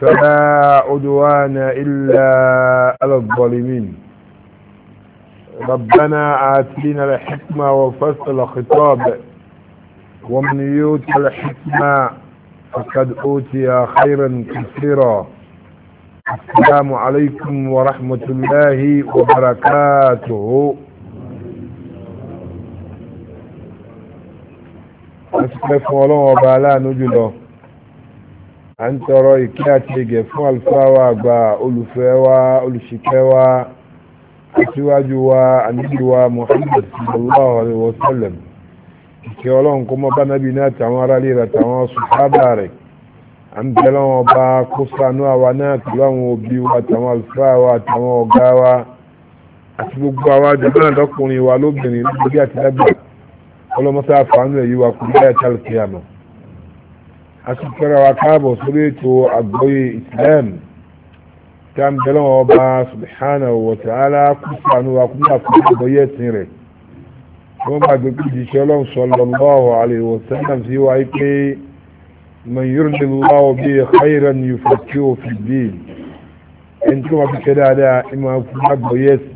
فلا عدوان إلا على الظالمين ربنا آتينا الحكمة وفصل الخطاب ومن يؤت الحكمة فقد أوتي خيرا كثيرا السلام عليكم ورحمة الله وبركاته أسفل فولون وبالا نجلو a ń tọrọ ìkẹ́ àti ìgẹ̀ fún àlùfáà wa àgbà olùfẹ́ wa olùṣìkẹ́ wa aṣíwájú wa ànábì wa Muhammad sallallahu alaihi wa sallam ìkẹ́ ọlọ́run kó mọ́ bá nábì náà tàwọn aráàlú rẹ̀ tàwọn sùhábà rẹ̀ à ń bẹ̀rẹ̀ wọn bá kó ṣàánú àwa náà pẹ̀lú àwọn òbí wa tàwọn àlùfáà wa tàwọn ọ̀gá wa àti gbogbo àwa jọ̀bọ́n náà lọ́kùnrin wa lóbìnrin lóbi àti lágbà ọlọ́mọ́sá àfààní ẹ̀yí wa kò ní asukara wa káàbọ̀ sórí ètò àgbọ́yé islam tí a ń bẹ̀rẹ̀ wọn bá subhanahu wa ta'ala kú sànú wa kú náà fún àgbọ́yé ẹ̀sìn rẹ̀ tí wọ́n bá gbé pé jíṣẹ́ ọlọ́run sallallahu alaihi wa sallam sí wa pé man yuridillahu bihi khayran yufaqihu fid din ẹni tí wọ́n fi ṣe dáadáa ẹ máa fún àgbọ́yé ẹ̀sìn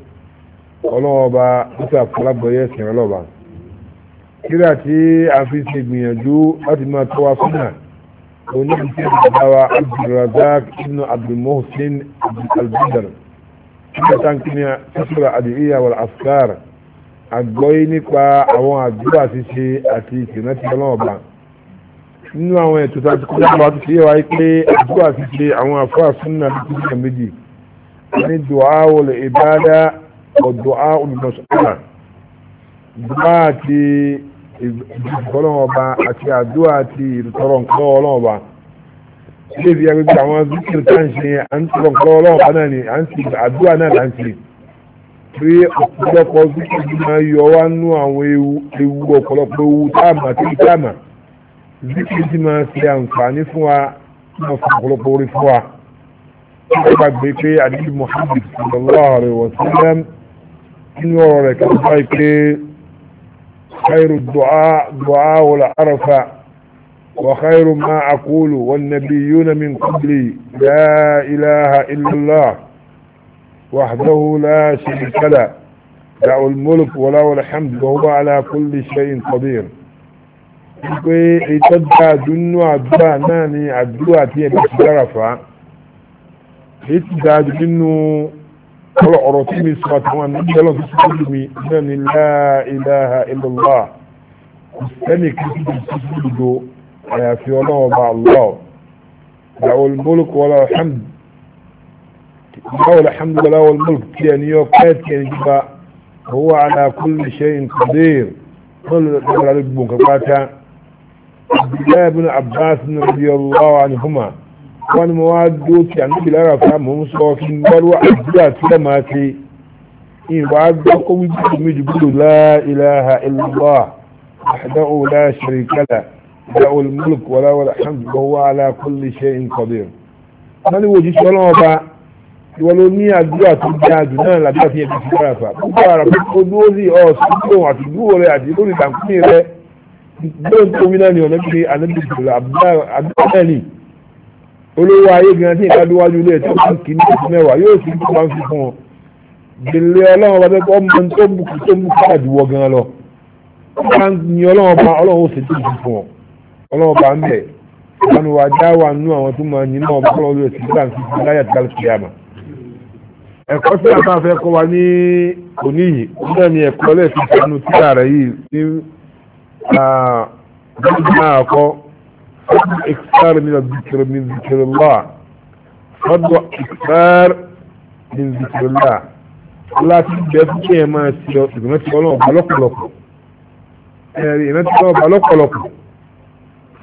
ọlọ́run ọba kú sàfún àgbọ́yé ẹ̀sìn rẹ̀ lọ́ba kíra tí a fi ṣe láti máa tọ́wa fún náà ونبي دعوة عبد الرزاق ابن عبد المحسن البدر كان كنا تسرى أدعية والأفكار àgbọ́yé nípa àwọn àdúrà ṣíṣe àti ìsìnàtì ọlọ́ọ̀bà nínú àwọn ètò tàbí kó nípa tó ṣe wáyé pé àdúrà ṣíṣe àwọn àfáà súnà títí ìjà méjì ní dùá olè ìbádá ọ̀dùá olùmọ̀ṣọ́lá dùá àti ìfọlọ́wọ́ ọba àti àdúrà àti ìtọrọ nǹkan ọlọ́wọ́ ọba ilé ìdí agbègbè àwọn zikiri tá à ń ṣe à ń tọrọ nǹkan ọlọ́wọ́ ọba náà ni à ń ṣe àdúrà náà là ń ṣe pé ọ̀pọ̀lọpọ̀ zikiri máa yọ wá nú àwọn ewu ọ̀pọ̀lọpọ̀ ewu táàmù àti táàmù zikiri ti máa ṣe àǹfààní fún wa máa fún ọ̀pọ̀lọpọ̀ orí fún wa wọ́n gbàgbé pé àdébí Muhammad sallallahu alaihi wa sallam nínú ọ̀rọ̀ rẹ̀ kí wọ́n báyìí pé خير الدعاء دعاء العرفة وخير ما أقول والنبيون من قبلي لا إله إلا الله وحده لا شريك له له الملك وله الحمد وهو على كل شيء قدير في ìtọ́jà dúnú àdúrà ناني ni àdúrà tí ẹ̀bí ti dára fa èyí ti dara kọlọ ọ̀rọ̀ tí mi sọ àtàwọn nígbàlọ́ tó sọ́jú mi náà ni láìláha ìlọ́lá ẹni kìí tó ti sí ìdò àyàfi ọlọ́wọ́ bá lọ́ láwọn mọ́lùkù wọlé alhamdu láwọn alhamdu láwọn mọ́lùkù tí ẹni yọ pẹ́ tí ẹni jíba owó àdá kúlù ṣe ń kàdéèr mọ́lù tó wọlé gbogbo nǹkan pátá abdullahi bin abbas radiyallahu anhuma wọ́n ni mo wá dúró tí àníbi lára fún àmọ́ ń sọ kí n wọ́n wá àdúrà tí wọ́n máa ṣe ìwà gbọ́ kó wí bí mi jù gbúdọ̀ la ilaha illallah wahdahu la sharika lah lahul mulk wa lahul hamd wa huwa ala kulli shay'in wọ́n ni wo jíṣẹ́ ọlọ́wọ́ bá ìwọ ló ní àdúrà tó jẹ́ àjù náà làbí àti ẹ̀bí sí lára fà púpọ̀ ara púpọ̀ dúró sí ọ̀sùn tó àti rẹ àti lórí ìtàkùn rẹ gbọ́dọ̀ tó wí náà ni ọ̀nà bí i àdúrà náà ni olówó ayé gan tí nǹkan díwájú ilé tí wọ́n kì í ní oṣù mẹ́wàá yóò sì kí wọ́n fi fún ọ gbèlè ọlọ́run ọba tó mọ tó ń bùkún tó ń bùkún àdúwọ̀ gan lọ wọ́n á ní ọlọ́run ọba ọlọ́run ó sì tó ìdí fún ọ ọlọ́run ọba ń bẹ̀ ìbánu wa dá wa nú àwọn tó máa yín náà ọba ọlọ́run ó sì tó àǹtí fún láyà tí kálí kìyàmà ẹ̀kọ́ sí àtàfẹ́ kọ́ wa ní òní yìí nígbà ní ẹ̀kọ́ lẹ́ẹ̀fì إكثار من الذكر من ذكر الله فضل إكثار من ذكر الله لا تبدأ فيه ما سيئة ما تقولون بلوك لكم يعني ما تقولون بلوك لكم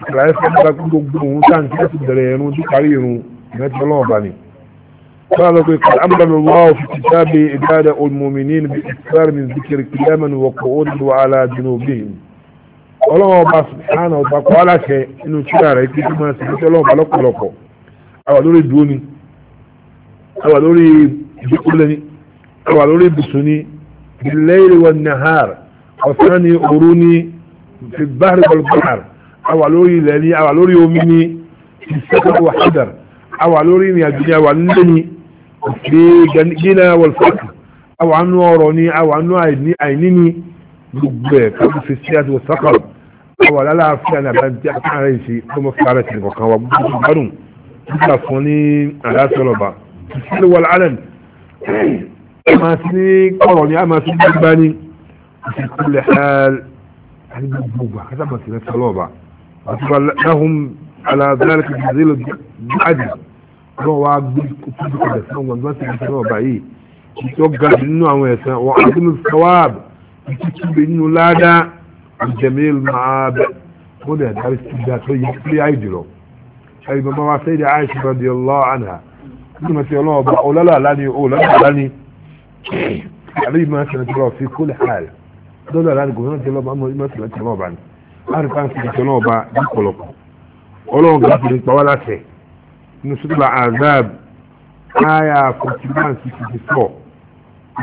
ìgbàlẹ́ fẹ́ẹ́ gbogbo ohun tá à ń kí láti bẹ̀rẹ̀ ẹ̀rún tí parí irun ìrántí ọlọ́run bá ní. báwo ló pe alábàbà wà ó fi kìtàbí ìdáda olùmọ̀mí ní ibi ìtura mi zikiri kìlẹ́mẹ̀nù wọ̀kọ̀ ó dìbò aláàdínú bíi ọlọ́wọ́ ọba sùhánà ọba kọ́ aláṣẹ inú tíra rẹ̀ kí máa sì fífẹ́ ọlọ́wọ́ ọba lọ́pọ̀lọpọ̀ àwà lórí dúró ni àwà lórí ìdíkúlẹ̀ ni àwà lórí ibùsùn ni bil-layli wan-nahar ọ̀sán ni òru ni fi bahri wal-bahr àwà lórí ilẹ̀ ni àwà lórí omi ni fi sẹ́kọ̀ wà hádàr àwà lórí ìrìn àjò àwà nílé ni fi gíná wal-fakr àwà nú ọrọ̀ ni àwà nú àìní ni gbogbo ẹ̀ kábíyèsí àti wọ́sàkàrọ̀ ọwọ́ aláàfíà ní àbájá ààrẹ ìṣe tó mọ́ fara ti kọ̀kan wa gbádùn nígbà fún ní àdásọ́lọ̀bà ìṣẹ́lẹ̀ wọ́n alẹ́ máa ti ní kọ̀rọ̀ ní àmà tó gbígbá ní ìṣẹ́kúlẹ̀ àdúgbò kásá máa ti rẹ̀ sọ́lọ̀bà àti wà láhùn aláàbílẹ̀ kì í zélò jáde wọ́n wá gbé kókó kọ̀dẹ̀ sí àwọn gbọ́n ti rẹ̀ sọ́lọ̀bà yìí ìṣọ́ الجميل مع هنا تعرف الذاتية لي عيدلو أي ما مع سيدة عائشة رضي الله عنها كلمة الله بقول لا لاني أقول لا لاني علي ما سنة الله في كل حال دولة لاني قلت الله بأمه ما سنة الله بعني أعرف أن سنة الله بقولك ولو قلت لك ولا شيء نسل العذاب آية 41 64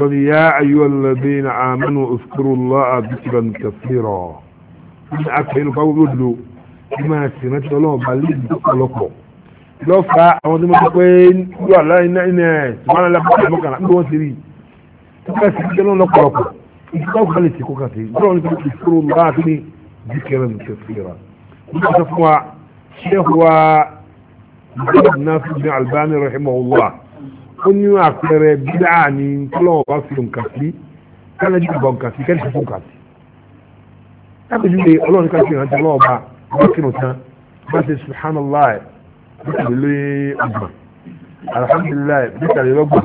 قل يا أيها الذين آمنوا اذكروا الله ذكرا كثيرا إن أكهل قول له بما سمعت الله بلد لكم lọ fa àwọn tó máa pé yóò àlá iná iná ẹ̀ ṣùgbọ́n àlá bọ́ọ̀lù mọ́kànlá bí wọ́n ti rí nípa ìsìn jẹ́ lọ́nà pọ̀lọpọ̀ ìjọba òkúta lè ti kó kàtí ìjọba òkúta lè ti kúrò lọ́wọ́ àti ní dìkẹ́rẹ́ ní kẹfìrà nípa sọ fún wa ṣé wa ìjọba náà fi ní albani ó ní àpẹẹrẹ bídà ní tọ́lọ́wọ́ bá fi nǹkan sí kálẹ̀ jù bọ̀ nǹkan sí kẹ́lẹ̀ fún nǹkan sí. lápẹjú lè ọlọ́run ká fi ìrántí ọlọ́wọ́ bá bá kírun tán bá ṣe subhanallah mẹ́tàlélẹ́ ọgbọ̀n alhamdulillah mẹ́tàlélọ́gbọ̀n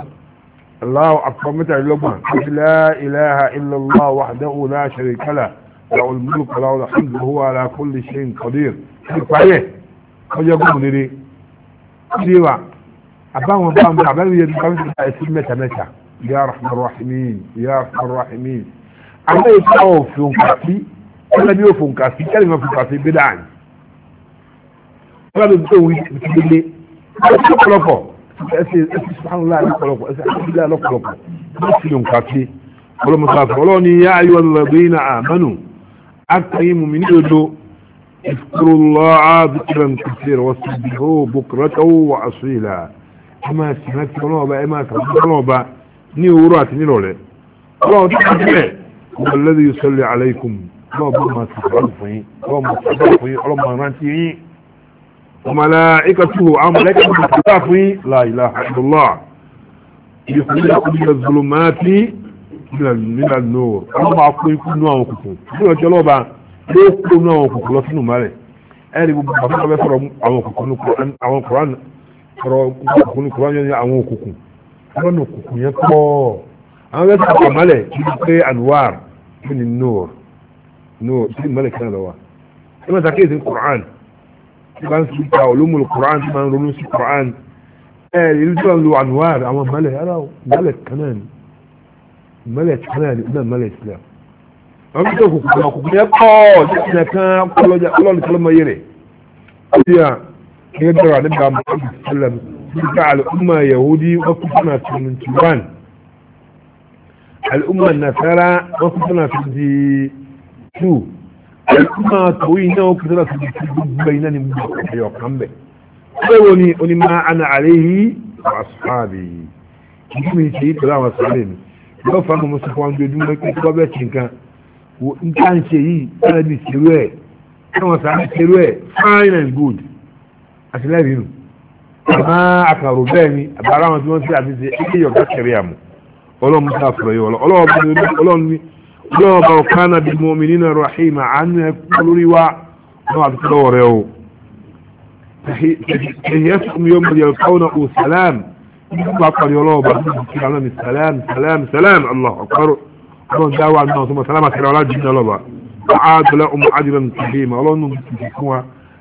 allahu akbar mẹ́tàlélọ́gbọ̀n la ilaha illallah wahdahu la sharika lah له الملك وله الحمد وهو على كل شيء قدير. ọjọ́ gbọ́dọ̀ nílé. ṣé wàá ابان وابان ابان يا رحمن الرحيمين يا رحمن الرحيمين اما يتعو في انكاسي انا بيو في انكاسي كان يمو في انكاسي بدعني قالوا بتقوي بتقلي قالوا شو قلقوا اسي سبحان الله لك قلقوا اسي الحمد لله لك قلقوا بس في انكاسي قالوا مصاصر قالوا ني يا ايوا الذين امنوا اكتئموا من ادو اذكروا الله ذكرا كثيرا واسبحوا بكرة واصيلا ẹ máa sì rántí ọlọ́run ọba ẹ máa sàmúlò ọlọ́run ọba ní òwúrọ̀ àti nírọ̀lẹ́ ọlọ́run tó kà sílẹ̀ ọlọ́run lẹ́dí yóò sọ́lẹ̀ aláìkùm ọlọ́run máa sàmúlò fún yín ọlọ́run máa sàmúlò fún yín ọlọ́run máa rántí yín ọmọlá ikọ̀tù àwọn mọ̀lẹ́kà máa sàmúlò fún yín láìlá àdúlá ìdíkùnlé ọkùnrin zulumati nílà nóòr àwọn máa kó ikú nú àwọn kùkù bí ọjọ́ ọlọ́ba ló kó nú àwọn kùkù lọ sínú mọ́lẹ̀ ọ̀rọ̀ òkùnkùn ní kùrọ̀ yẹn àwọn òkùnkùn àwọn òkùnkùn yẹn pọ̀ àwọn bẹ́ẹ̀ tó àpamọ́lẹ̀ bíi pé anwar bí ni noor noor bí mọ́lẹ̀ kan lọ́wọ́ ẹ máa sàkéyèsí kùrán tí wọ́n ti ta olómùlù kùrán tí wọ́n ronú sí kùrán ẹ ìlú tí wọ́n lo anwar àwọn mọ́lẹ̀ ara mọ́lẹ̀ kan náà ni mọ́lẹ̀ kan náà ni náà mọ́lẹ̀ islam àwọn bẹ́ẹ̀ tó òkùnkùn yẹn pọ̀ ọlọ́ọ̀ni يدعو عن ابن محمد صلى الله عليه وسلم بتاع الأمة يهودي وكفنا في المنتوان الأمة النصارى وكفنا في شو الأمة طويلة وكفنا في بيننا مبكح يوقعن به أولي أولي ما أنا عليه وأصحابي يجمي سيد كلام أصحابين يوفهم مصطفى عن جدوم يكون كبابة شنكا وإن كان شيء أنا بيسيروه كما سعى سيروه fine and good àti lẹ́rìí nù àmọ́ àkàrò bẹ́ẹ̀ ni àbára wọn tí wọ́n ti àti ṣe ilé ìyọ̀gá kẹrì àmọ́ ọlọ́run mú sáà fọ̀rọ̀ yìí ọlọ́run ní ọlọ́run bá ọ̀ká náà bí mọ́mí nínú ẹ̀rọ àhìmá àánú ẹ̀ kú lórí wa náà àti tọ́lọ́ rẹ o tẹ̀yẹ́sùn yóò mọ̀ yẹ̀rọ káwọn náà ò sàlám nígbà pàdé ọlọ́run bá tó ti kí ní sàlám sàlám sàlám allah ọlọ́run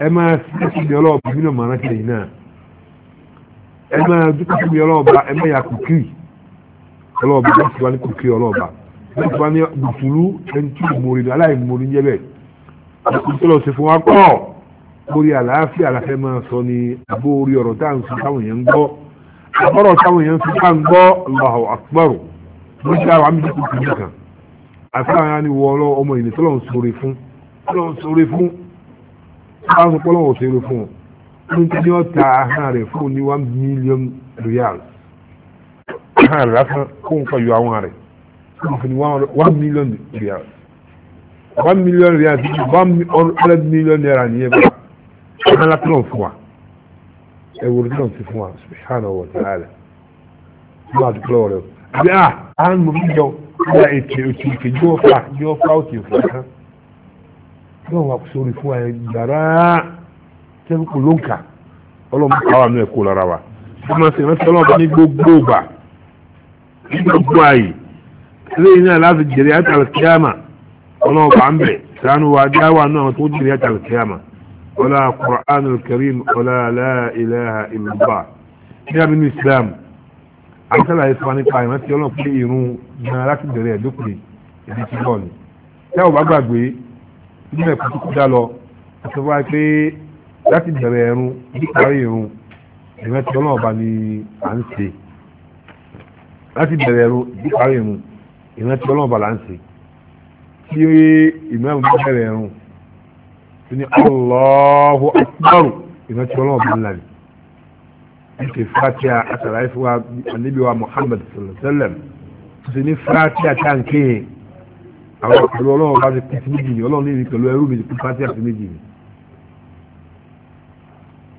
ẹ máa fi mi ọlọ́ọ̀bà nínú màrán kí lẹ́yìn náà ẹ máa dúpọ̀ fún mi ọlọ́ọ̀bà ẹ máa yà kùkì ọlọ́ọ̀bà bá ti wá ní kùkì ọlọ́ọ̀bà bá ti wá ní bùtùlù ẹni tí mo rí aláì mo rí yẹ́bẹ̀ ọkùnrin lọ sí fún wa pọ̀ lórí àlàáfíà la fẹ́ máa sọ ní àbó orí ọ̀rọ̀ tá à ń sọ táwọn èèyàn ń gbọ́ ọ̀rọ̀ táwọn èèyàn ń sọ tá à ń gbọ́ Allahu Akbar mo ṣe àwọn àmì ìdíkùn kìíní kan àti àwọn àni wọ ọmọ ìnìtọ́lọ́ ń sọ̀rọ̀ fún wọ́n sọ pọ́lọ́wọ́ òṣèré fún un ní tí wọ́n ta ahọ́n rẹ̀ fún ní one million real ahọ́n rẹ̀ lásán fún nǹkan yọ àwọn rẹ̀ fún ní one million real one million real ti one hundred million naira nìyẹn bá ahọ́n lásán náà fún wa ẹ̀wọ̀n náà ti fún wa subhanahu wa ta'ala wọ́n àti pọ́lọ́wọ́ rẹ̀ ah, bí a ahọ́n mo fi jọ ó yà ètò ìkejì ó fa ó ti fún yóò wà sórí fún ẹ gbàrà tẹ́lẹ̀ kò ló ń kà ọlọ́mọ káwa nù ẹ̀kọ́ lára wa bí wọ́n ṣe rántí ọlọ́mọ ní gbogbo ìgbà ní gbogbo ààyè lẹ́yìn náà láti jèrè àtàlù kíámà ọlọ́mọ bá ń bẹ̀ sànù wa dáwà náà tó jèrè àtàlù kíámà ọlá kùránù kẹrìm ọlá aláìláha ìlúbà ní abin islam àkàlà ìfọ̀ nípa ìrántí ọlọ́mọ pé irun gan láti jèrè ẹ̀dókùnrin ìdí tí tẹ́wọ̀ bá gbàgbé nínú ẹ̀kọ́ tó kọjá lọ àti wáyé pé láti bẹ̀rẹ̀ ẹ̀rùn níparí ẹ̀rùn ẹ̀rẹ́ tí ọlọ́run bá ní à ń ṣe láti bẹ̀rẹ̀ ẹ̀rùn níparí ẹ̀rùn ẹ̀rẹ́ tí ọlọ́run bá là ń ṣe tí ìmọ̀ràn bá bẹ̀rẹ̀ ẹ̀rùn tí ní Allahu Akbar ẹ̀rẹ́ tí ọlọ́run bá ń lálẹ́ ẹ̀kẹ́ fatiha àtàlàyé fún wa níbi wa Muhammad sallallahu alaihi wa sallam tó ti ní fatiha tá à ń kéyìn àwọn pẹ̀lú ọlọ́run bá ti pín sí méjì ni ọlọ́run ní pẹ̀lú ẹrú mi ti pín pátí àti méjì ni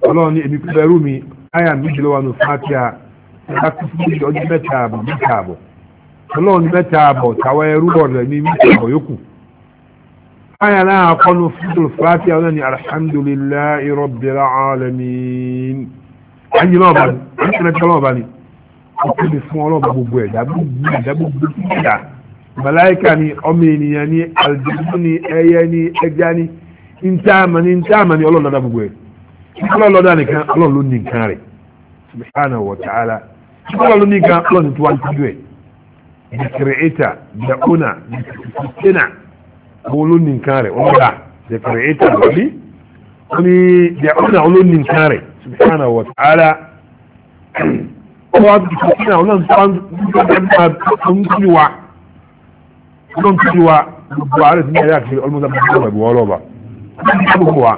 ọlọ́run ní èmi pẹ̀lú ẹrú mi àyà méjì lọ́wọ́ nù pátí à ẹ̀ka pín sí méjì ọdún mẹ́ta àbọ̀ mẹ́ta àbọ̀ ọlọ́run ní mẹ́ta àbọ̀ tàwọn ẹrú ọ̀rẹ́ ní mẹ́ta àbọ̀ yòókù àyà náà kọ́nu fúdùl pátí àwọn ní alhamdulillahi rabbil alamin àyìn náà bá ní màláíkà ni ọmọ ènìyàn ni àlùjànnú ni ẹyẹ ni ẹja ni ntaama ni ntaama ni ọlọ́run lọ́dà gbogbo ẹ̀ ọlọ́run lọ́dà nìkan ọlọ́run ló ní nǹkan rẹ̀ Subhana wa ta'ala ọlọ́run ló ní nǹkan ọlọ́run tó wá ní tọ́jú ẹ̀ the creator the owner the sustainer owó ló ní nǹkan rẹ̀ wọ́n gbà the creator lọ́bí wọ́n ní the owner ló ní nǹkan rẹ̀ Subhana wa ta'ala ọlọ́run tó wá ní tọ́jú wa ọlọ́run tó ti wa gbogbo ààrẹ ti ní ẹ̀rẹ́ àti ọlọ́mọdé àbúrò ìwọ ọlọ́ba gbogbo wa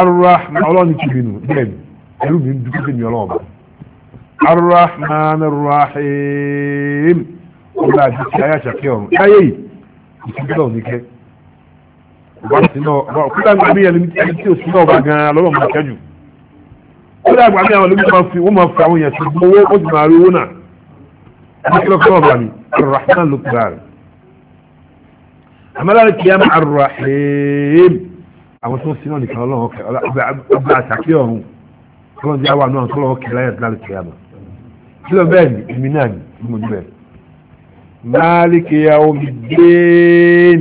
arrahman ọlọ́run ti bínú bẹ́ẹ̀ ni ẹlú mi dúkú sí mi ọlọ́ba arrahman rahim ọlọ́run àti ti ayé àṣàkẹ́ ọ̀run ayé yìí ìṣẹ́jú náà níkẹ́ ọba sí náà ọba kúlá ń gbàgbé ẹni tí ò sí náà ọba gan-an lọ́wọ́ mọ̀ kẹ́jù kúlá gbàgbé àwọn olómi máa fi wọ́n máa fi àwọn yẹn sí owó ó ti máa rí owó náà الرحمن لقبان عمل القيامة الرحيم àwọn tó sinú nìkan ọlọ́run ọkẹ ọba àtàkì ọ̀hún ọlọ́run jẹ́ àwọn àwọn ọlọ́run ọkẹ láyé láti kí àmà kí lọ bẹ́ẹ̀ ni èmi náà ni ní mo níbẹ̀ máàlìkì àwọn gbẹ̀ẹ́n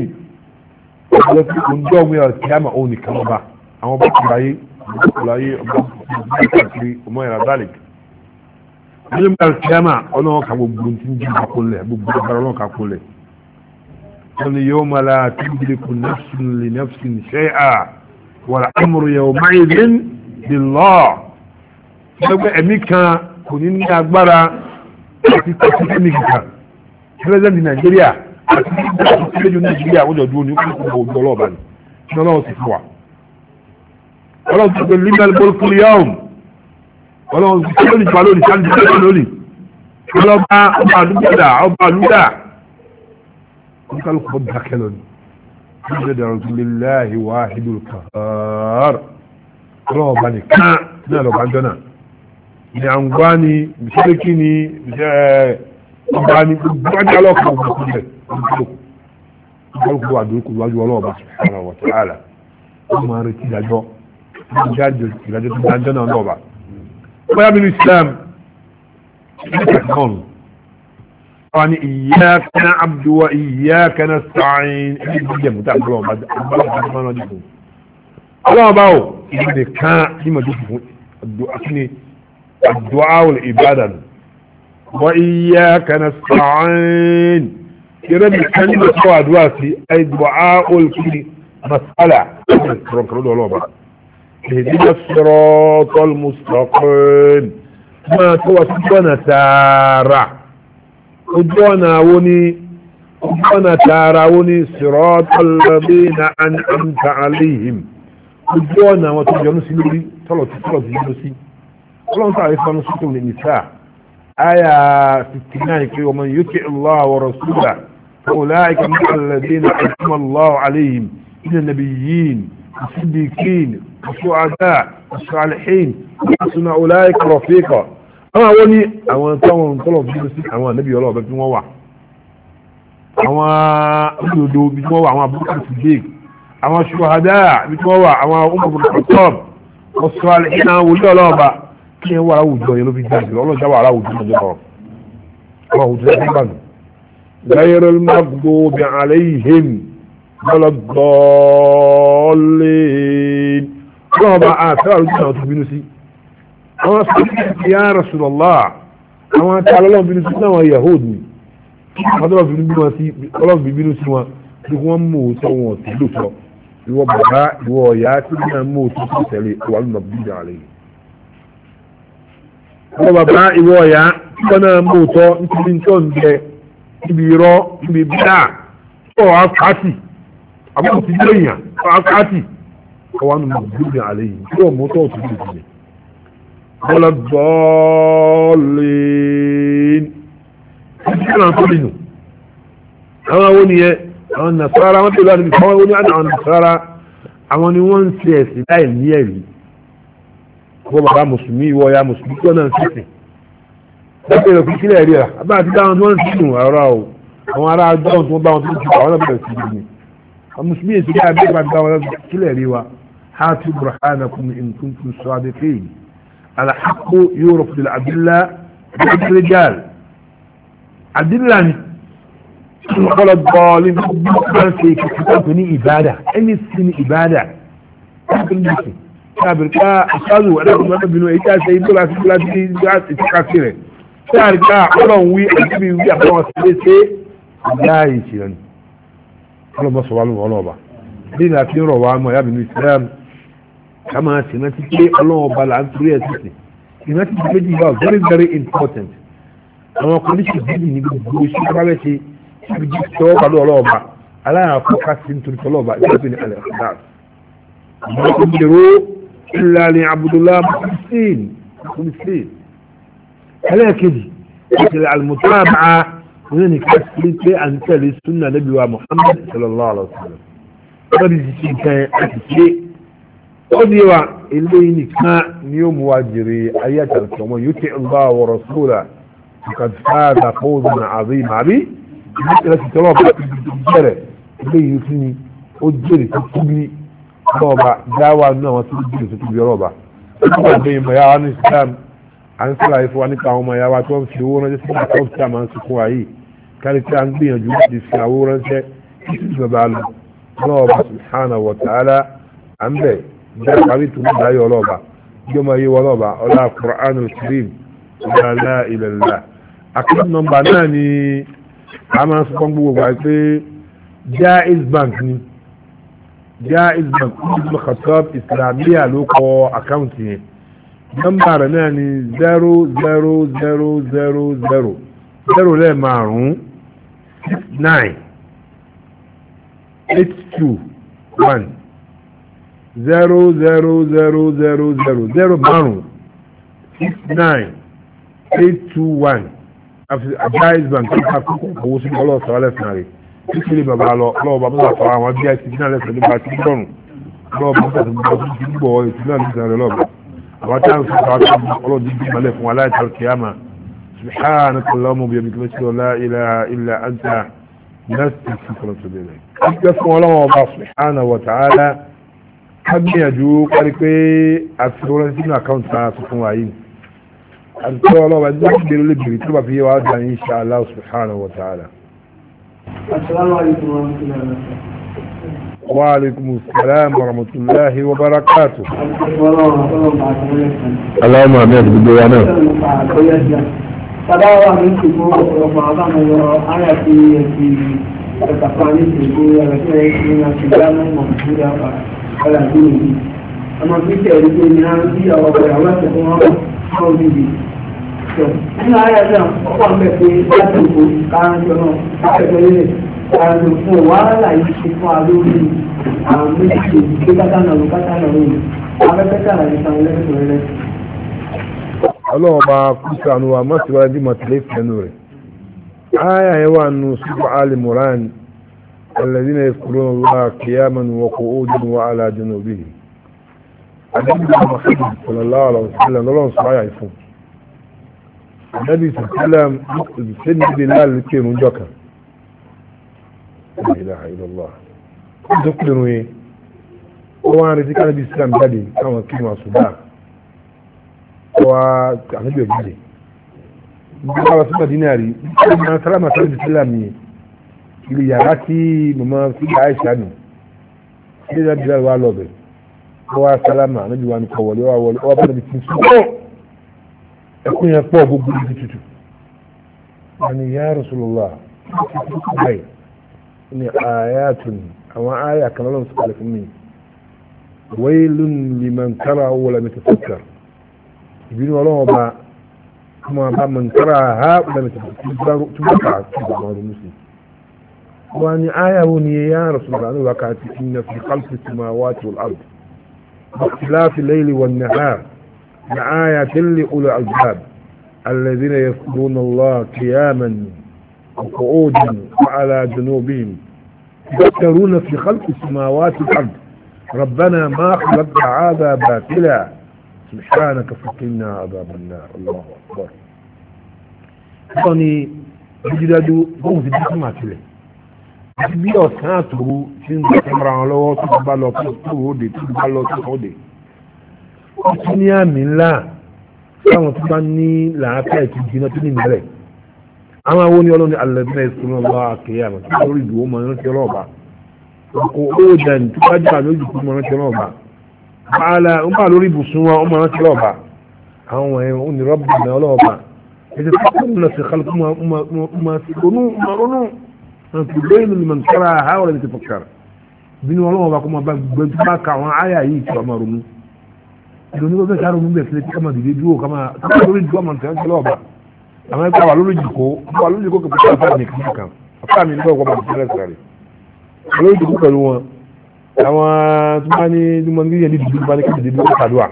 ọ̀pọ̀lọ́ fún oúnjẹ ọ̀hún yà kí àmà òun nìkan ọba àwọn ọba kìláyé ọba kìláyé ọba kìláyé ọmọ ìrà dálẹ̀kì ayé mu alikiyama ọlọ́wọ́ ka gbogbo ntúndì ka kó lẹ̀ gbogbo agbára ọlọ́wọ́ ka kó lẹ̀ wọ́n yóò ma la tẹ́lifílẹ̀ kù nafsin lè nafsin ṣẹ́yà wàlá amúrò yẹ o máa yẹ lẹ́n di lọ́ gbẹgbẹ ẹ̀mí kan kò ní ní agbára àti kọ́sí ẹ̀mí kan pírẹ́sẹ̀ntì nàìjíríà àti pírẹ́sẹ̀ntì nàìjíríà wọ́n jọ dúró ní kókò kò gbọ́ ọlọ́ọ̀bá ni ọlọ́wọ́ ti fún wa ọlọ́wọ́ ti fún wa ọlọ́run ti lónìí tí wà lónìí sáré ti lónìí lónìí ọlọ́ba ọba àdúgbòdà ọba àdúgbà wọn kálù kọ́ dákẹ́ lónìí wọn lè dàrọ̀ tó lè láàyè wá ìlú kàr ọlọ́run ọba nìkan ní àlọ́ba jọ́nà ní àǹgbá ni bìsẹ́lẹ́kì ni ọba ni gbogbo ajá lọ́kọ̀ ọba kò bẹ̀ wọn kálù kọ́ àdúgbò wájú ọlọ́ọ̀ba sọ̀rọ̀ wọ̀tí àlà wọn máa retí ìdájọ́ ìdájọ́ ìdájọ́ náà lọ́ọ̀ba bóyá nínú Islam ẹ̀ka kan wà ní iyyaka na'budu wa iyyaka nasta'in ẹni bí jẹ́ mọ́tà bọ́lá ọba ọba ọba dìbò ọlọ́wọ́ báwo ìlú nìkan ní mọ̀ tó fún àdúrà àdúrà ìbádà nù wa iyyaka nasta'in yẹ́rẹ́ nìkan ní mọ̀ tó àdúrà sí àdúrà olùkí masala kọ̀rọ̀kọ̀rọ̀ lọ́wọ́ báwo. اهدنا الصراط المستقيم ما توسطنا تارع ادوانا وني ادوانا تارع وني صراط الذين انعمت عليهم ادوانا وتجنو سلوري طلعت طلعت جنوسي اللهم تعالى يفعل نصوته للنساء آية 69 ومن يطع الله ورسوله فأولئك مع الذين حكم الله عليهم من النبيين الصديقين الشهداء الصالحين حسن أولئك رفيقا أما أولي أولا تاوان طلب جلسي أولا نبي الله بابن ووا أولا أبدو بابن ووا أولا أبو بكر الصديق أولا شهداء بابن ووا أولا أم بن الخطاب والصالحين أولي الله با كي هو على وجوه يلو في الدنيا الله جاب على وجوه الله الله وجوه غير المغضوب عليهم ولا الضالين wọn bá a fẹ́ àrùn jùlọ tó bínú sí àwọn sọ́kùnrin ya Rasulullah àwọn ta lọ́lọ́n bínú sí náwọn ni wọ́n sí sí wọn wọ́n mú wọn ìwọ bàbá ìwọ tí wọ́n mú tó tẹ̀lé wà ìwọ bàbá ìwọ tí wọ́n nítorí nítorí irọ́ àbúrò ti dé èèyàn kọwàánu mọ̀gbìnrin àlẹ́ yìí tí wọ́n mọ́tọ́ ọ̀tún lè dìde bọ́lá bọ́ọ̀lì títí náà tó lè nù àwọn àwọn oníyẹ àwọn nasara wọn tẹ̀lé àdìbí kọ́wọ́n oní àwọn nasara àwọn ni wọ́n ń ṣe ẹ̀sìn láì ní ẹ̀rí wọ́n bàbá mùsùlùmí ìwọ ya mùsùlùmí tí wọ́n náà ń sèkìn lọ́pẹ̀ rẹ̀ fi sílẹ̀ rí rà bá àti dáhùn tí wọ́n ń sìnkú ara o àwọn ará dáhùn tí wọ́n bá wọn tó ń sìnkú àwọn náà bẹ̀rẹ̀ sí i ni mùsùlùmí èsì bí abẹ́rẹ́ bá dáhùn sílẹ̀ rí wa هاتوا برهانكم إن كنتم صادقين الحق يعرف بالأدلة الرجال أدلة قال الظالم قال في كتابني إبادة أني سن إبادة كابر كا أصدوا أنا أقول بنو إيجا سيدو لا سيدو لا سيدو لا سيدو لا سيدو sáàrí ká ọlọ́run wí àdébí wí àbọ̀wọ̀ sílé ṣe láàyè ìṣìlẹ̀ ni ọlọ́bọ̀ sọ̀rọ̀ alùpùpù ọlọ́ọ̀bà bí ní àti ń rọ̀ ká máa sì rántí pé ọlọ́run ọba là ń torí ẹ̀ sì sìn ìrántí ti méjì yà very very important àwọn kọ́ndíṣì bíbí ní gbogbo iṣẹ́ tó bá bẹ́ ṣe ibi jí tọwọ́ pàdé ọlọ́ọ̀ba aláàfọ́ káṣí nítorí tọlọ́ọ̀ba ìjọba ní alẹ́ ọ̀dà àwọn ìgbèrò ìlànà abudulá mùsùlùmí mùsùlùmí ẹlẹ́ẹ̀kejì ìṣẹ̀lẹ̀ àlùmùtàbà oní ní káṣí pé à ń tẹ̀lé sunna nabi wa sallallahu alaihi wa sallam ó ní wa ilé nìkan ni ó mú wa jèrè ayé àtàkùnmọ́ yóò tẹ ń bá wọ̀rọ̀ sóòlà nǹkan fáadà fóòdù nà àbí màbí ìlú tẹ̀lé ti tọ́lọ́ bá ti bẹ̀rẹ̀ ilé yìí fún ni ó jèrè tó tóbi lọ́ọ̀bà dáwà nínú àwọn tó jèrè tó tóbi ọlọ́ọ̀bà nígbà tó yẹ mọ̀ yàrá ní Islam à ń sọ̀rọ̀ àyẹ̀fọ́ wa nípa àwọn ọmọ yàrá tó ń fi owó ránṣẹ́ sí àwọn tó ń sọkún wa yìí kárí pé à ń gbìyànjú láti fi àwò ránṣẹ́ sí bàbá wa ta'ala à ń ذكرت من أي ولوبة جمع أي ولوبة ولا القرآن الكريم ولا لا إلى الله أكيد من بناني أما سبحان الله جائز بنك جائز بنك ابن خطاب إسلامية لوكو أكاونتي nọ́mbà rẹ̀ náà ni zero zero zero zero zero zero lẹ́ẹ̀ márùn-ún six nine eight two one zero zero zero zero zero zero márùn six nine eight two one àbáyé bank ní àkókò àwọn oṣù kọlọ ọsàn lẹsàn rẹ títí lè bàbá lọ lọ́wọ́ bàbá tó àtọwọ àwọn bí àti náà lẹsàn nípa tí lọrùn lọ́wọ́ bàbá tó bá tó ti gbọ́ ètò náà lẹsàn rẹ lọ́wọ́ àwọn tá à ń sọ̀rọ̀ àti ọlọ́dún bí malẹ̀ fún wa láìpẹ́ kíámà سبحانك اللهم وبحمدك نشهد لا اله الا انت نستغفرك ونتوب اليك. اكبر الله سبحانه وتعالى kágbìyànjú kárí pé àfihàn sínú àkáǹtì náà tó fún wa yìí àtúntò ọlọ́wà ẹgbẹ́ ìgbèrú lè bèrè tó bá fi yé wa dà ní ṣe Allah subhanahu wa ta'ala. wa alaikum salam wa rahmatullahi wa barakatuh. aláwọ̀ àmì àti gbogbo wa náà. Bàbá mi ń ṣègbó ọ̀pọ̀lọpọ̀ àbámu lọ ara ti ẹ̀sìn ìtàkùn àníṣègbè ẹ̀rọ tí ẹ̀sìn náà ti dáná mọ̀ nígbà pàtàkì ara ìdílé yìí ọmọ bíkẹ́ ẹ̀rí pé ní àwọn bí àwọn ọ̀rẹ́ àwọn ẹ̀sẹ̀ fún wọn fún omi yìí. nínú ayé náà ọkọ̀ ń bẹ̀ pé láti òkú káàjọ náà káàjọ lélẹ̀ káàjọ fún wàhálà yìí ṣe fún alórí àwọn méjì pé kátà náà ló kátà náà lóyún afẹ́fẹ́ kàrà ní sàn lẹ́sọ̀rọ̀ rẹ̀. ọlọ́run bá kú sànù wa mọ́síwájú mọ̀tìlẹ́fẹ̀ẹ́nu rẹ̀ ááyà yẹn wà nù sùpọ̀ alìmọ̀ràn الذين يذكرون الله قياما وقعودا وعلى جنوبهم النبي محمد صلى الله عليه وسلم لولا صحيح يفهم النبي صلى الله عليه وسلم سن بلال كي من جوكا لا اله الا الله ذكرنوا ايه هو انا رزق النبي صلى الله عليه وسلم كما كلمه صداع هو النبي يجي قال سبع ديناري ما سلام عليه وسلم ilé yàrá tí mọ̀mọ́ sí àìsà nù ilé yàrá bí wà lọ́bẹ̀ ó wá sálámà níbi wà ní kọ̀wọ̀lé ó wà wọlé ó wà bá níbi tí ń sùn pọ̀ ẹkún yẹn pọ̀ gbogbo ibi tutù wani ya rasulullah bai ni ayatun àwọn aya kan lọ́nà sọ̀rọ̀ lẹ́fún mi wailun liman kara wala mutafakkar ìbínú ọlọ́wọ́ ba kuma ba man kara ha wala mutafakkar tuba ka واني آية وني يا رسول الله وكانت إن في خلق السماوات والأرض باختلاف الليل والنهار لآية لأولي الألباب الذين يذكرون الله قياما وقعودا وعلى جنوبهم يذكرون في خلق السماوات والأرض ربنا ما خلقت هذا باطلا سبحانك فقنا عذاب النار الله أكبر. Wọ́n bóhùn ti dí bí ọ̀sán àtòru tí ń gbé ẹmọ́ra wọn lọ́wọ́ tó ti bá lọ tó tó wò dé tó ti bá lọ tó o dé. ó tún ní àmì ńlá táwọn tó bá ní làákà ètò ìjìnà tó ní ìmọ̀lẹ̀. àwọn awo ni ọlọ́ni alẹ́bẹ̀rẹ̀ sọ́nà lọ àkèyà àmọ́ tó lórí ìdúró mọ̀ ẹ̀rọ ti ọlọ́ọ̀bà. ọkọ̀ owó dàn tó bá jà lójú tó mọ̀ ẹ̀rọ ti ọlọ́ọ̀bà. bàálà ń bà lórí ibùsùn wọn ọmọ ẹ̀rọ ti ọlọ́ọ̀bà. àwọn ẹ̀rọ ń ní rọ́bì فبين من كرهها ولا يتفكر بين والله ما كما بنتما كان آية هي كما رمو ìròyìn tó fẹ́ sáré omi bẹ̀rẹ̀ sílẹ̀ kama dìde dúró kama kama lórí dúró àmà nǹkan ẹ̀ńtẹ́lẹ̀ ọba àmọ́ ẹ̀ka wà lórí jìkó wà lórí jìkó kẹfẹ́ sáfà ní kíkì kan àfà mi nígbà wọ́n bá ti tẹ́lẹ̀ sáré lórí jìkó pẹ̀lú wọn àwọn tó bá ní tó máa ń gbé yẹn ní dìde bá ní kí dìde dúró kàdúà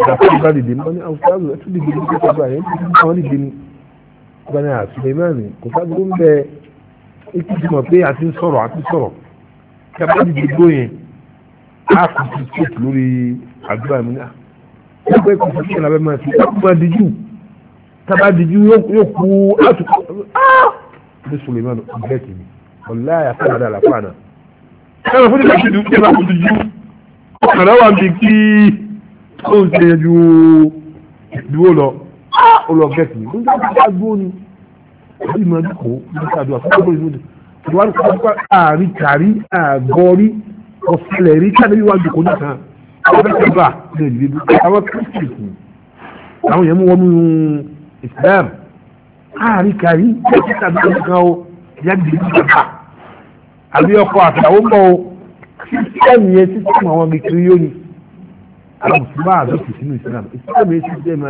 ìdàpọ̀ ìgbà dìde ní wọ́n ah, ní àwọn sáàlù ẹ̀tún dìde dúró kàdúà yẹn ikú ti mọ̀ pé àti sọ̀rọ̀ àti sọ̀rọ̀ kí a bá ti di gbóyè a kò ti sèpù lórí àdúrà mi náà ó pé kò sí ìlànà máa fi ó máa di jù tábà di jù yóò kú àtúkọ ah! ní Suleiman ọgbẹ́ tèmi ọ̀la àyàfẹ́ àdá àlàfà náà ẹ̀rọ fún ìgbàsí ìdúró ìjọba kò ti jù ọ̀kadà wà bí kí ó ń ṣe ju ìdúró lọ ah! ó lọ gẹ̀ẹ́sì ní ó ń gbà gbó èyí máa ń kó nípa àdúrà fún ọgbọ́n ìlú ìwà ń kọ́ àárín kárí àgọ́rí ọ̀sẹ̀lẹ̀ rí káàdé wíwá jòkó nìkan ọ̀bẹ̀kẹ̀bà ní ìdílé bí àwọn kírísítì àwọn yẹn mú wọn nínú Islam àárín kárí kírísítà bí wọn kan ó ìyá gbèrè ní ìjọba àbí ọkọ àtàwọn mọ ó kírísítẹ́ẹ̀mù yẹn sísẹ́ẹ̀mù àwọn kékeré yóò ní àwọn mùsùlùmí àdókì sínú Islam Islam yẹn sísẹ́ẹ̀mù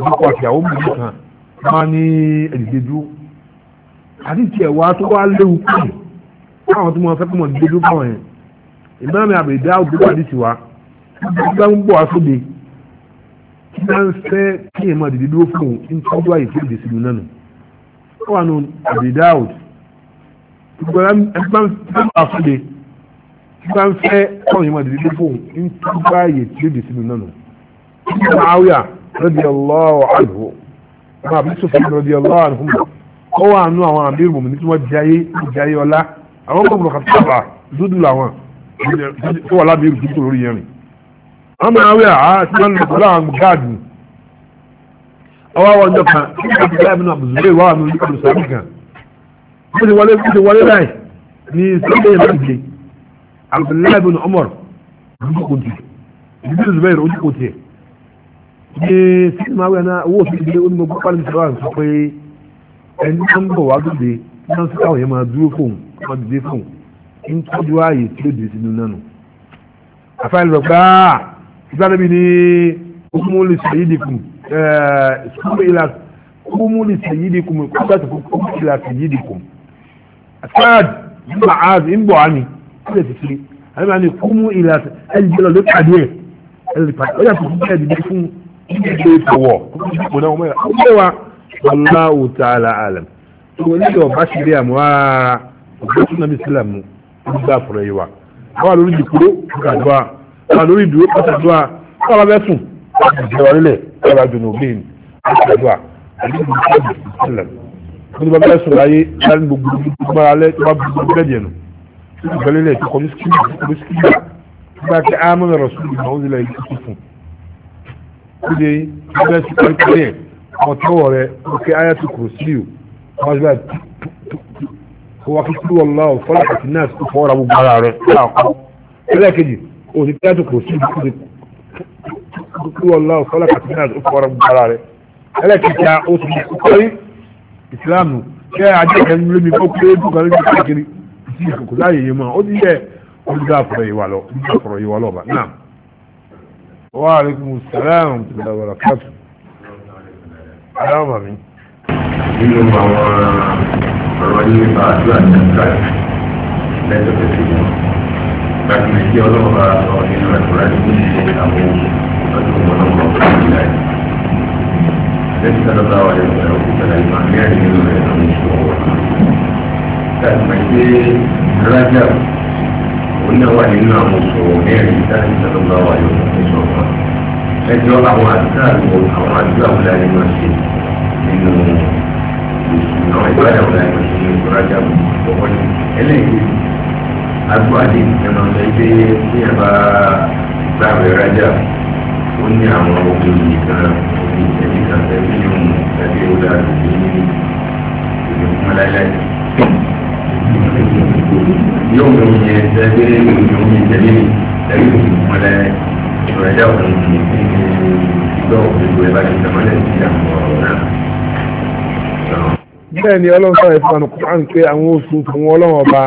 àbúkọ àtìyàwó mìíràn kan máa ní ẹ̀dìdédú àdìtì ẹ̀wà tó wá léwu kù káwọn tó mọ fẹ́ kó mọ dídédú báwọn yẹn ìmọ̀ràn mi àbẹ̀dá òdúgbò àdìtì wa gbígbá ń bọ̀ àsóde kí náà ń fẹ́ kí èèmọ̀ dídédú fún un ní tọ́jú àyè fún ìdèsí lónà nù ó wà nù àbẹ̀dá òdì gbígbá ń bọ̀ àsóde bá ń fẹ́ ọ̀rọ̀ yìí máa dìde fóun ń tún báyè tí ó dì sínú náà nù. Máa wíyà رضي الله عنه ما أبي سفيان رضي الله عنهم هو عنه هو أمير المؤمنين هو جاي جاي ولا ما ابن الخطاب زود له هو هو لا أمير زود له يعني أما أوي عاتمان فلا مجاد أو أو دفع عبد الله بن أبو الزبير وأنا يقول سابقا بدي ولا بدي ولا لا ni sọ́dọ̀ yẹn lọ́dọ̀ abdullahi bin umar ojú كنتي tiẹ̀ ibi zubair ojú kò tiẹ̀ Ye, ní sinima wẹ̀ náà owó òfin ìdílé onímọ̀ pálí ìṣòro àrùn sọ pé ẹni tó ń bọ̀ wá dùde náà sí káwọn yẹn máa dúró fóun máa dùde fóun ń tọ́jú ààyè tí ó dé sínú náà nù. àfáà ìlú ọ̀gbá ìgbàlóbi ní okumuli sayidikum ẹ̀ẹ́dẹ́gbẹ̀lá eh, okumuli sayidikum kúbàtì kúbàtìlá sayidikum. sáàd ń bọ̀ ààzì ń bọ̀ àní kílẹ̀ ti fi àyẹ̀mọ̀ àni kúmú ìlà ẹ̀ẹ́dẹ́gbẹ̀lá ló pàdé ẹ̀ ẹ̀ ilé ìfọwọ́ kó náà wọ́n mẹ́ra wá Allahu ta'ala alam tó wọ́n nílò ọba ṣe rí àmọ́ ara ọ̀gbọ́n tó nàbí sílẹ̀ mú nígbà fúnra yìí wa wọ́n lórí ìdìkúrò kàdúrà wọ́n lórí ìdúró kàdúrà wọ́n lọ bẹ́sùn ìjọba nílẹ̀ ọ̀rọ̀ àjọ̀nà òbíin kàdúrà àdúgbò kàdúrà sílẹ̀ wọ́n ti bá bẹ́ẹ̀ sọ̀rọ̀ ayé láti gbogbo gbogbo alẹ́ tó bá gbogbo bẹ́ẹ̀ dẹ̀nu ìgbàlélẹ̀ tó kọjú síkìlì tó kọjú síkìlì kúdé ẹgbẹ́ sí pẹ́ẹ́pẹ́ẹ́ ọmọ tọwọ́ rẹ òkè ayatu kùrùsílù wọ́n gbà kó wá kí kúrú ọ̀la ọ̀fọ́lá àti nọ́ọ̀sì tó fọwọ́ra gbogbo ara rẹ láàkọ́ ẹlẹ́ẹ̀kejì òní ayatu kùrùsílù kúdé kúrú ọ̀la ọ̀fọ́lá àti nọ́ọ̀sì tó fọwọ́ra gbogbo ara rẹ ẹlẹ́ẹ̀kejì ó ti kọ́rí ìsìlámù ṣé ajé ìkẹ́ni lómi kó pé dùkọ́ lómi káàkiri ìsìn ìkòkò láàyè yìí mọ́ ó ti yẹ olùdó àfọ̀rọ̀ ìwà lọ وعليكم السلام ورحمة الله وبركاته السلام عليكم oní ọwọ́ nínú àwọn òṣòwò mẹ́rin láti sọ̀rọ̀ bá wà yóò fi sọ fún wa. ẹjọ́ àwọn àdúrà wo àwọn àdúrà wo la ní wọ́n ṣe nínú àwọn ìbára wo la ní wọ́n ṣe nínú ìbúrájà wo ọkọ ní. ẹlẹ́yìn agbóhadé ìjọba ọ̀sẹ̀ pé bí ẹ bá gbà wẹ̀ rájà ó ní àwọn ogun yìí kan omi ìtẹ̀lé kan tẹ̀lé yóò mú tàbí ó dáa lòdì ní ìlú mọ́láyà yóò mú yẹn tẹ́lẹ̀ yóò mú yẹn tẹ́lẹ̀ tẹ́lẹ̀ yóò mú wọn lẹ́ ìrọ̀lẹ́ ọ̀dọ́ yìí ìgbà òkèlú ẹ̀ bá ti sọmọlẹ̀ sí àwọn ọ̀rọ̀ náà. bẹ́ẹ̀ ni ọlọ́run sọ̀rọ̀ ìfọ̀ àná kúrán pé àwọn oṣù fún ọlọ́run ọba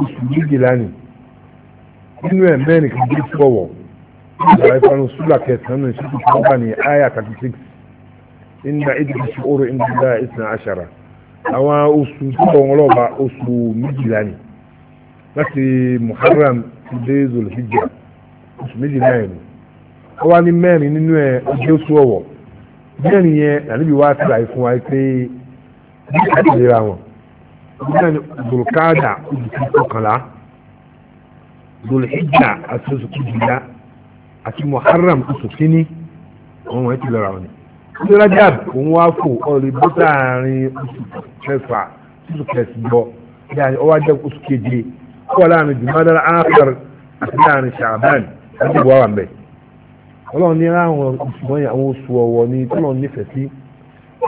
oṣù méjìlá ni nínú ẹ̀ mẹ́rin kì í dé fọwọ́ ìgbà ìfọ̀nù súlà kẹsàn-án ní ìṣẹ́jú tó bá ní àyà 36 إن عدة àwọn oṣù tó wọn lọ́ba oṣù méjìlá ni láti muharram dé zulhijja oṣù méjìlá yẹn ni ó wá ní mẹ́rin nínú ẹ̀ ọjọ́ oṣù ọ̀wọ̀ mẹ́rin yẹn àníbi wá sílàyé fún wa pé bí àtìlera wọn ọdún ní zulkada oṣù kọkànlá zulhijja àti oṣù kejìlá àti muharram oṣù kínní àwọn wọn ti lọ́ra wọn ni ní rajab òun wá fò ọ̀rẹ́ bó sáàárín oṣù kẹfà oṣù kẹsìjọ yàrá ọwọ́ ajẹ́ oṣù keje kọ́ láàrin jùmọ́dára áfẹ́r àti láàrin ṣàbán àti ìwà wà mẹ́. ọlọ́run ní àwọn oṣù wọ̀nyí àwọn oṣù ọ̀wọ̀ ni tọ́lọ́run nífẹ̀ẹ́ sí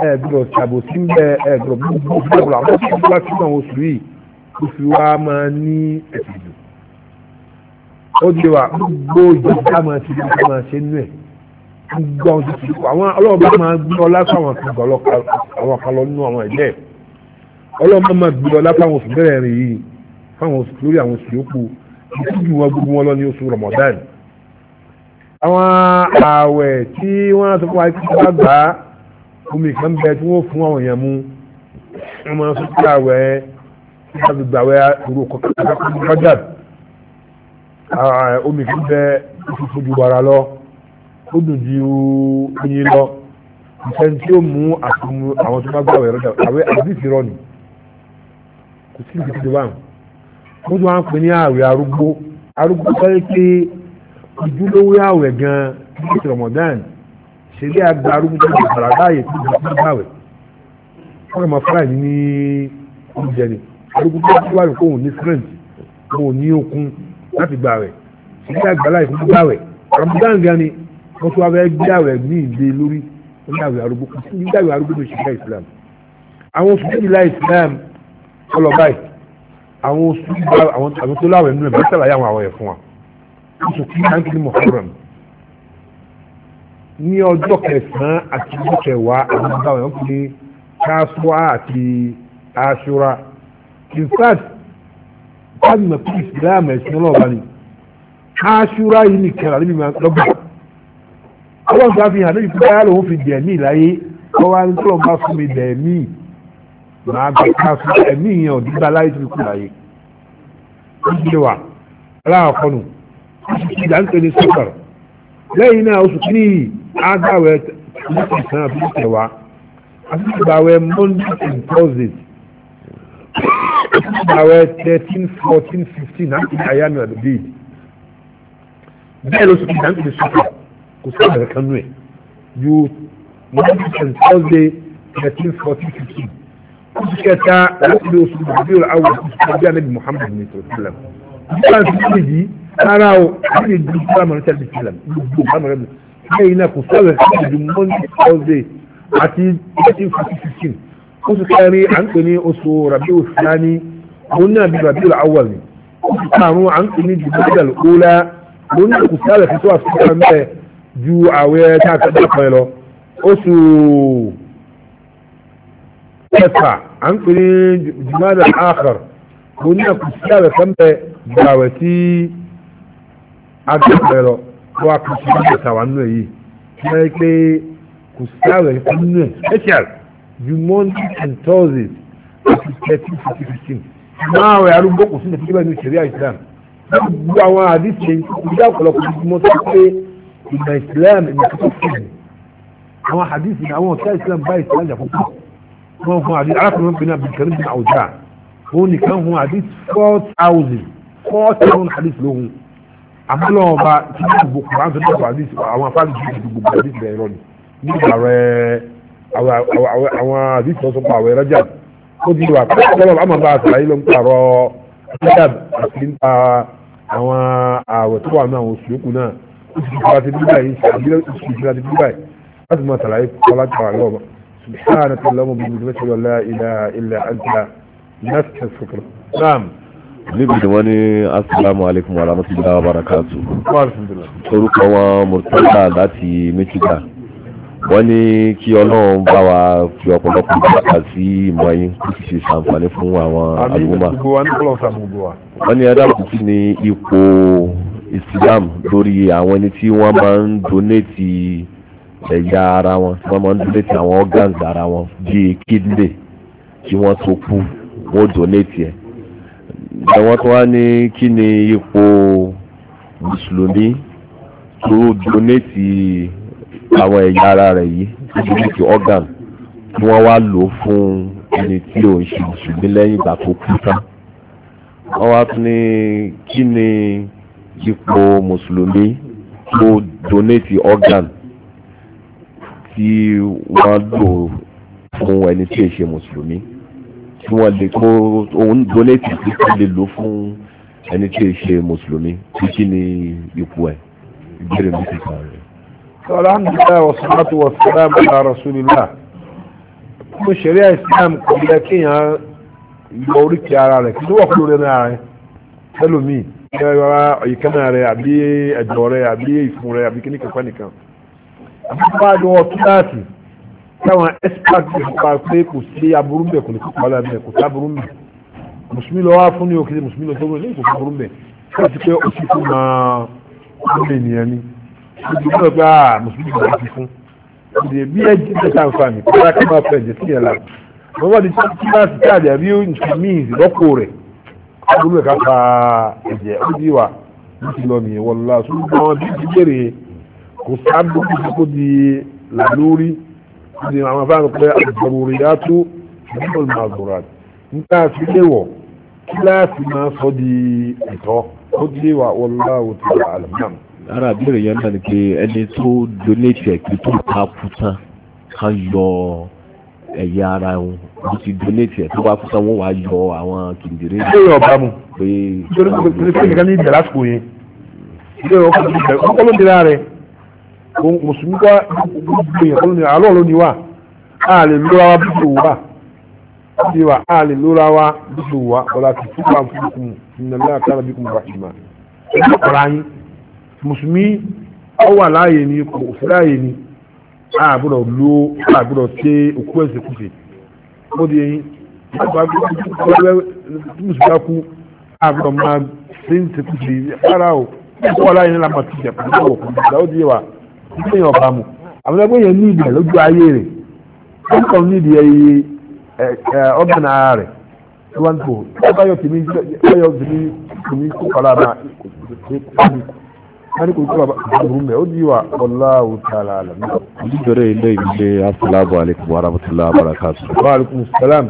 ẹ gbọ́dọ̀ ṣàbò sí ẹ ẹ gbọ́dọ̀ gbogbo àwọn oṣù wá sí àwọn oṣù yìí oṣù wa máa ní ẹ̀sìn gbogbo àwọn tuntun kọ àwọn ọlọ́run bá máa gbé ọlá fáwọn àtúntò àwọn àkàlọ́ nínú àwọn ẹ̀jẹ̀ ọlọ́run bá máa gbé ọlá fáwọn oṣù bẹ̀rẹ̀ rìn yìí fáwọn oṣù lórí àwọn oṣù yòókù ìtújú wọn gbogbo wọn lọ ní oṣù Ramadan àwọn ààwẹ̀ tí wọ́n sọ fún wa kí wọ́n gbà á omi kan bẹ tí wọ́n fún àwọn èèyàn mú wọ́n máa sọ ààwẹ̀ tí wọ́n fi gbàwẹ̀ òru kọ̀ọ̀kan omi kan bẹ ó dùn ju oyin lọ nǹkan tí ó mú àtúnmú àwọn tó bá gbà wẹ̀rọ dà àwẹ̀ àdìsí rọ ni kò sí ìdíje tó bá ń mo tún wá ń pè ní àwẹ̀ arúgbó arúgbó sáré pé ìdúlówó àwẹ̀ gan-an ní ìtìrọ̀mọ̀dán ṣẹlẹ̀ àgbà arúgbó tó ti bàrà láàyè tó ti bàrà láàwẹ̀ wọ́n kà fara ní ní oúnjẹ ni arúgbó tó ti wà ní kóhùn ní strength kóhùn ní okun láti gbà wẹ̀ ṣẹlẹ̀ àgbà láàyè tó ti gbà wẹ̀ ramadan gan ni wọ́n tún wá fẹ́ gbé àwẹ̀ ní ìdè lórí ní àwẹ̀ arúgbó ní àwẹ̀ arúgbó ní ìṣẹ̀lẹ̀ Islam àwọn oṣù méjìlá Islam ọlọ báyìí àwọn oṣù àwọn tó láwẹ̀ nínú ẹ̀ bẹ́ẹ̀ sàlàyé àwọn àwẹ̀ fún wa oṣù kí hankali Muharram ní ọjọ́ kẹsàn-án àti ọjọ́ kẹwàá àwọn ọba wọn kò ní káṣúà àti aṣúra in fact káàdì pé Islam ẹ̀sìn ọlọ́ọ̀bá ni aṣúra yìí nìkan àdébìmọ̀ lọ́gbà ọlọ́run tó fi hàn lójú pé báyà lòun fi dẹ̀mí láyé wọ́n wá ní tọ́lọ̀ bá fún mi dẹ̀mí màá gbà ká fún ẹ̀mí yẹn ò dígbà láyé tó fi kú láyé ó ti lè wà aláàkọ́nù ìdá ń tẹ̀lé sọ́kàrọ̀ lẹ́yìn náà oṣù kí ní agbáwẹ̀ lẹ́sìn kan àti ìtẹ̀wá àti ìgbàwẹ̀ monday and thursday ìgbàwẹ̀ thirteen fourteen fifteen àti ìyá mi ọ̀dọ̀ bíi bẹ́ẹ̀ lóṣù kí ìdá ń tẹ̀lé sọ́kàrọ̀ kò sí àgbẹ̀ kan nù ẹ̀ yóò monday and thursday thirteen fourteen fifteen oṣù kẹta láti lé oṣù bàbí awọ oṣù kẹta bíi anabi muhammed ní sọ̀rọ̀ sílẹ̀ nígbà tí wọ́n lè yí ara o àti lè di sọ́lá mọ̀lẹ́tà bíi sílẹ̀ gbogbo àmọ̀rẹ́ mi lẹ́yìn náà kò sí àgbẹ̀ kan nù monday thursday àti thirteen fourteen fifteen oṣù kẹrin à ń pè ní oṣù rabi oṣù nani òun náà bíi rabi awọ ni oṣù karùn à ń pè ní jùlọ ìdàlù ọ̀la òun náà kò sí àgbẹ̀ kan tó wà fún ju àwẹ̀ tá a ti dá kan lọ oṣù kẹfà à ń pè ní jùmọ́dà àkàr mo ní àkùsí àwẹ̀ kan bẹ ju àwẹ̀ tí a ti dá kan lọ wọ́n àkùsí àwẹ̀ tàwa nù èyí kí wọ́n yẹ pé kùsí àwẹ̀ kan nù ẹ̀ special ju monday and thursday àti thirteen to fifteen máa wẹ̀ arúgbó kùsí ní ìdílé ìṣẹ̀rí àìsàn gbogbo àwọn àdìsí ìdí àpọ̀lọpọ̀ ìdí mọ́tò pé ìgbà islam ìgbà tó fi hàn àwọn hadith ní àwọn ọ̀tá islam bá islam jà púpọ̀ wọ́n fún hadith arákùnrin bin abdulkarim bin awuja òun nìkan fún hadith four thousand four thousand hadith lóhun àmúlọ́ọ̀ba tí wọ́n gbogbo kùrán tó dọ̀bọ̀ hadith àwọn afáàlì tó ti gbogbo hadith rẹ̀ rọ ni nígbà rẹ̀ àwọn hadith tó sọ pé àwọn ẹ̀rọ jà ó di wà pé ọlọ́run àmọ́ bá àtàlàyé ló ń pààrọ̀ àti nípa àwọn àwẹ̀ tó wà náà oṣù yòókù náà ìṣèjọba ti bíbá yìí ìṣèjọba ti bíbá yìí láti máa ṣàlàyé kọ́lá kàwá lọ́wọ́ سبحانك اللهم وبحمدك لا اله الا انت نستغفرك نعم níbi wọ́n ní assalamu alaikum wa rahmatullahi wa barakatu orúkọ wọn murtala láti michigan wọ́n ní kí ọlọ́run bá wa fi ọ̀pọ̀lọpọ̀ ìgbàgbà sí ìmọ̀ yín kó sì ṣe ṣàǹfààní fún àwọn àlùmọ́ wọ́n ní ẹ̀dá kùtì ní ipò Islam lórí àwọn ẹni tí wọ́n máa ń donate ẹ̀yà ara wọn tí wọ́n máa ń donate àwọn organs ara wọn bíi kidney tí wọ́n tó kú wọ́n donate ẹ̀ ẹ̀ wọ́n tó wá ní kí ni ipò mùsùlùmí tó donate àwọn ẹ̀yà ara rẹ̀ yìí tó donate organ tí wọ́n wá lò fún ẹni tí ò ń ṣe mùsùlùmí lẹ́yìn ìgbà tó kú tán wọ́n wá tún ní kí ni. Kini, kípo mùsùlùmí tó donate organ tí wọ́n lò fún ẹni tí èṣe mùsùlùmí tí wọ́n lè kó òun donate tí wọ́n lè lò fún ẹni tí èṣe mùsùlùmí tí kí ni ipò ẹ̀ ìbéèrè mi ti kàn rẹ̀. alhamdulilayi wa salatu wa salam ala rasulillah mo ṣẹ̀ríà islam kò yẹ kéèyàn yọ oríkì ara rẹ̀ kí ló wà kúrò lẹ́nu ara rẹ̀ tẹ́lómìn ìkẹ́wà ìkẹ́nà rẹ̀ àbí ẹ̀jọ̀ rẹ̀ àbí ìfun rẹ̀ àbí kíní kankan nìkan àbúkọ́ àdó ọ̀túnláàtì táwọn expert ti pa pé kò sí aburú mbẹ kò ní kó kọ́ lábẹ́ kò sí aburú mbẹ mùsùlùmí lọ wá fún ní òkèlè mùsùlùmí lọ tó wọlé kò sí aburú mbẹ kí ti pé ó sì fún máa ó lè nìyẹn ni gbogbo náà gba mùsùlùmí lọ sí fún ìdè bí ẹ jí tẹ̀sán àǹfààní kí wọ́n á kí wọ́n fẹ̀ sí ẹ̀ lára wọ́n wá di tí káàdì àbí agbóhùn ẹ̀ka pa ẹ̀jẹ̀ ó di wa ní ti lọ nìyẹn wọ́n lọ́la ṣùgbọ́n bí ti bèrè kò sábò kí ti kó di làlórí ní àwọn afáàrùn pé àgbàrúurì yá tó ìdíbòlù máa gbòòrà nígbà tí ilé wọ̀ kíláàsì máa sọ di ẹ̀tọ́ ó di wa wọ́n lọ́la ò ti wà àlùmọ́n. ara àbẹ̀rẹ̀ yẹn náà ni pé ẹni tó donate ẹ̀kí tó ká kú tán ká yọ ẹ̀yà ara wọn wọ́n ti donate ẹ̀ tó bá fún sanwó wàá yọ àwọn kìndìrín. ṣé yóò bá mu nítorí pé pé nìkan ní ìjà lásìkò yẹn ilé ọkọ ló ń bẹ̀rẹ̀ ọkọ ló ń dira rẹ̀ mùsùlùmí kọ́ gbogbo yẹn kọ́ ló ń dira alọ́ ló ní wa a lè lóra wa bí tó wa a lè lóra wa bí tó wà ọ̀la tó fún wa fún kùn nílẹ̀ àkàrà bí kùn bàtìmá ẹ̀ka kọ̀ra yín mùsùlùmí ọwà láàyè ni kò fúláyè ni a gbọ́dọ̀ lo a gbọ́dọ̀ ṣe òkú ẹ̀sìn kùsì. ó di eyín mùsùlùmí kú àgbọ̀ ara o ti di wa àwọn yẹn lójú ayé kàn harikun kula abubuwan mai ojiwa wallahu ta'ala alam ni dore ile ile assalamu alaikum wa rahmatullahi wa barakatuh wa alaikum salam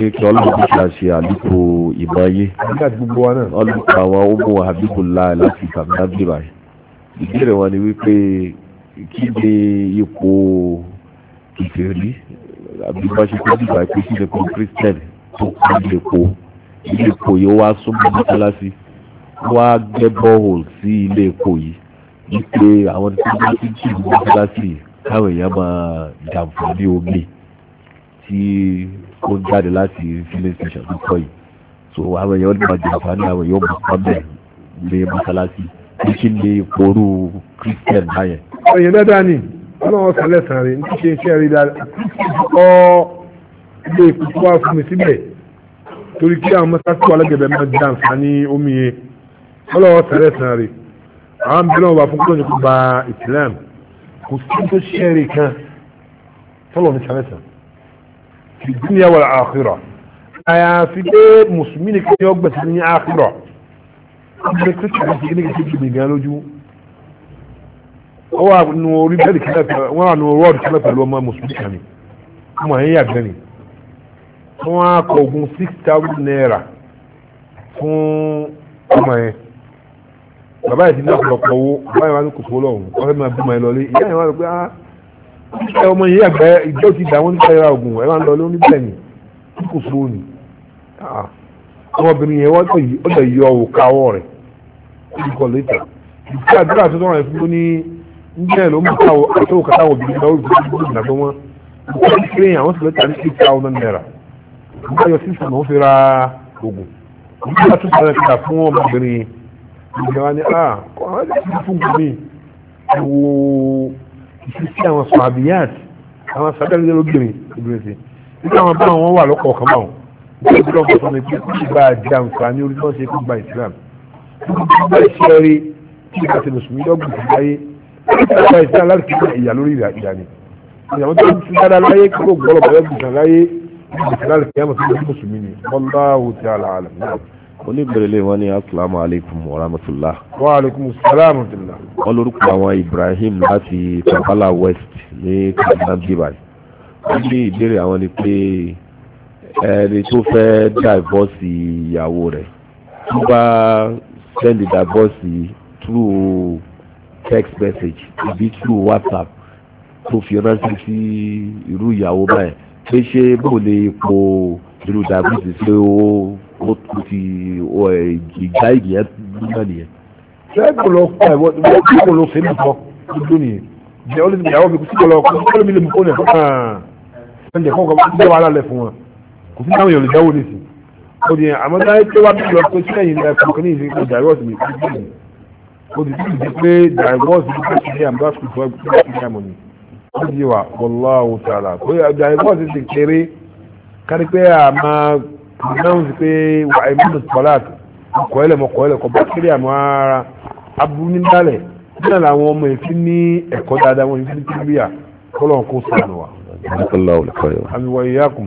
ni ki olu bi ta se aliko ibaye nígbà tí gbogbo wa náà olu pa wa o mu habibullah láti kàmínà bí báyìí ìbéèrè wọn ni wípé kí ni ipò ìfèrí àbí bá ṣe tó dìgbà pé kí ni kò kírísítẹ́nì tó kú ilé epo ilé epo yóò wá súnmọ́ mọ́tálásí wá gbẹ́ bọ́ọ̀hùn sí ilé epo yìí wípé àwọn tí wọ́n ti jù ní mọ́sálásì káwọn èèyàn máa jàǹfààní omi tí ó ń jáde láti filling station tó kọ́ yìí so àwọn èèyàn ní máa jàǹfààní àwọn èèyàn máa pa bẹ́ẹ̀ ní mọ́sálásì kí kí ni ìporú christian báyẹn. èèyàn dáadáa ni ọlọ́wọ́ sálẹ̀ sàn rè ní ṣe iṣẹ́ rí dáadáa kọ́ ilé ìpínpín wá fún mi síbẹ̀ torí kí àwọn mọ́sálásì wà lọ́gẹ̀dẹ̀ máa jàǹfààní omi yẹn ọlọ́wọ́ sẹ́rẹ̀ sàn rè àwọn bẹ̀rẹ̀ wà fún kúròyìn kó ba Islam kò sí tó ṣẹ́ẹ̀rì kan tọ́lọ̀ ní sẹ́rẹ̀ sàn kì í dúnyà wà àkírà àyàfi pé mùsùlùmí ni kí wọ́n gbẹ̀sẹ̀ ní àkírà ọmọdé kírísítì kí ní kí ní gan lójú wọ́n wà nù orí bẹ́ẹ̀lì kílẹ̀ wọ́n wà nù rọ́ọ̀dù kílẹ̀ pẹ̀lú ọmọ mùsùlùmí kan ni ọmọ yẹn yà gan ni wọ́n ogun six thousand naira fún ọmọ yẹn bàbá yìí ti ní ọ̀pọ̀lọpọ̀ owó bàbá yìí wá ní kòtò lọ́wọ́ wọ́n fẹ́ máa bímọ ẹ lọ lé ìyá yìí wá lọ pé ah ẹ ọmọ yìí àgbẹ̀ ìjọ ti dà wọ́n nípa ìra ògùn ẹ máa ń lọ oníbẹ̀ ni kòtò òní ah, ọmọbìnrin yẹn wọ́n lọ yọ òkà ọwọ́ rẹ̀ ìkọ̀ lẹ́tà ìfẹ́ àdúrà tó tọrọ ẹ̀fún ní njẹ́ ló mú káwọ́ àtọ́wò ìjọba ni a kọ́ fún gbogbo ẹ̀wọ̀ ìṣesí àwọn sàbíyàt àwọn sàbíyàt lóbìnrin obìnrin sí nígbà wọn bá wọn wà lọ́kọ̀ ọ̀kan báwọn nígbà tí wọ́n sọ ni pé kí ìgbà àjẹ àǹfààní orí wọn ṣe kó gba Islam nígbà iṣẹ́ rí kí ìgbà tí mùsùlùmí lọ́gùn sí láyé nígbà tí Islam láti fi gba ìyà lórí ìyà ni ìyàwó tó ti dára láyé kí kò gbọ́dọ̀ bẹ̀rẹ̀ gùn oníbẹ̀rẹ̀ lè wọ́n ní asalaamu alaykum wa rahmatulah. wa alaykum salaam wa rahmatulah. wọ́n lórúkọ àwọn Ibrahim láti Kampala West ní Kaduna bíbáyì. wọ́n ní ìbéèrè àwọn ni pé ẹni tó fẹ́ divorce ìyàwó rẹ̀ tó bá send divorce through text message àbí through WhatsApp tó fi ránṣẹ́ sí irú ìyàwó báyìí pé ṣé bó lè po irú divorce ṣe ó ó ti ìgbà ìgbìyàn nígbà nìyẹn. sẹ́kùn lọ kọ́ ẹ̀wọ́ sẹ́kùn lọ fẹ́mi kọ́ ojú nìyẹn jẹ́ ó lè mi àwọn mi kò sí kọ́ lọ kọ́ kọ́ mi lè mú fóònù ẹ̀ fún hàn wọ́n jẹ́ kọ́kọ́ wọ́n jẹ́ wàhálà lẹ̀ fún wọn kò sí táwọn èèyàn lè dáwọ́ nísìn ó di àmọ́ dáhẹ́ pé wá bí lọ pé sí ó di bí ní àmúdásùn kárí pé àmà ìdáhùn sí pé wà á mú tọ́láàtì ọkọ̀ ẹlẹ̀ mọ̀kọ̀ ẹlẹ̀ kọ̀ bá kéré àmọ́ ara aburú ní dálẹ̀ bí náà làwọn ọmọ èfi ní ẹ̀kọ́ dáadáa wọn ní fílípíà kọ́lọ̀ kó sànù wa.